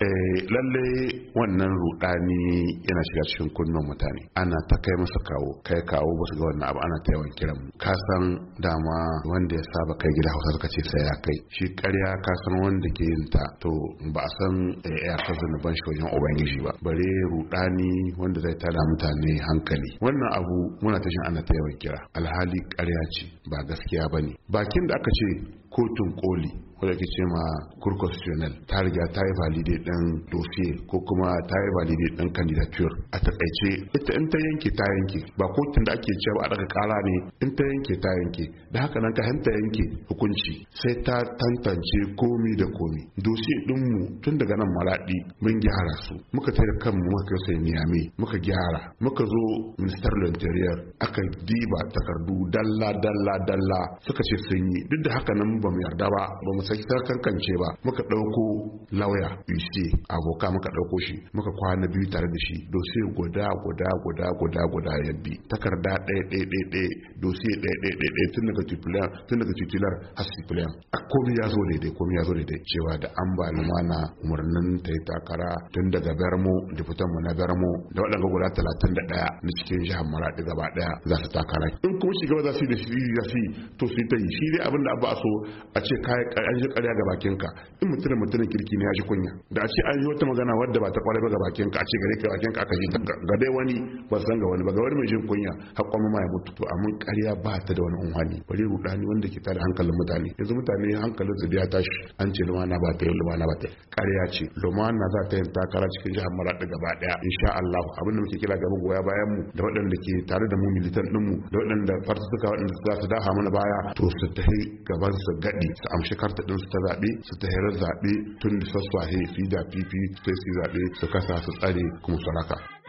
Eh, lalle wannan rudani yana shiga cikin kunnen mutane ana ta kai masa kawo kai kawo ba su ga wannan abu ana ta yawan kiran ka san dama wanda ya saba kai gida hausa suka ce sai ya kai shi karya ka san wanda ke yin ta to ba a san eh, ya ka ban shi wajen ubangiji ba bare rudani wanda zai tada mutane hankali wannan abu muna ta shin ana ta yawan kira alhali karya ce ba gaskiya bane bakin da aka ce kotun koli wadda ke ce ma cour constitutionnel ta riga ta yi valide ɗan dossier ko kuma ta yi valide ɗan candidature a takaice ita in ta yanke ta yanke ba kotun da ake cewa a daga kara ne in ta yanke ta yanke da haka nan ka hanta yanke hukunci sai ta tantance komi da komi dossier ɗin mu tun daga nan maraɗi mun gyara su muka tare kanmu muka kai sai niyame muka gyara muka zo ministar interior aka diba takardu dalla dalla dalla suka ce sun yi duk da haka nan ba mu yarda ba ba mu ta karkance ba muka ɗauko lauya ce aboka muka ɗauko shi muka kwana biyu tare da shi dosiye guda guda guda guda guda ya bi takarda ɗaya ɗaya ɗaya ɗaya dosiye ɗaya ɗaya ɗaya ɗaya tun daga titular tun daga titular har a komi ya zo daidai komi ya zo daidai cewa da an ba mana umarnin ta yi takara tun daga bermo diputan mu na bermo da waɗanda guda talatin da ɗaya na cikin jihar maraɗi gaba ɗaya za su takara in kuma shugaba za su yi da shi za su yi to su yi ta yi shi dai abin da ba a so a ce kayan ji ƙarya ga bakin ka in mutum mutumin kirki ne ya ji kunya da a ce an yi wata magana wadda ba ta kwarai ga bakin ka a ce gare ka a aka ji ga dai wani ba san ga wani ba ga wani mai jin kunya hakkon ma ya mutu to amma ƙarya ba ta da wani unhani bari rudani wanda ke tare hankalin mutane yanzu mutane hankalin su biya tashi an ce lumana ba ta yi lumana ba ta yi ƙarya ce lumana za ta yin takara cikin jihar maraɗi gaba ɗaya insha Allah abin da muke kira gaba goya bayan mu da waɗanda ke tare da mu militan ɗin mu da waɗanda farsuka waɗanda za su dafa mana baya to su tafi gaban su gaɗi su amshi karta don su ta zaɓe su ta hirar zaɓe tun da sassuwahe su da da fifi sai su zaɓe su kasa su tsare kuma su raka.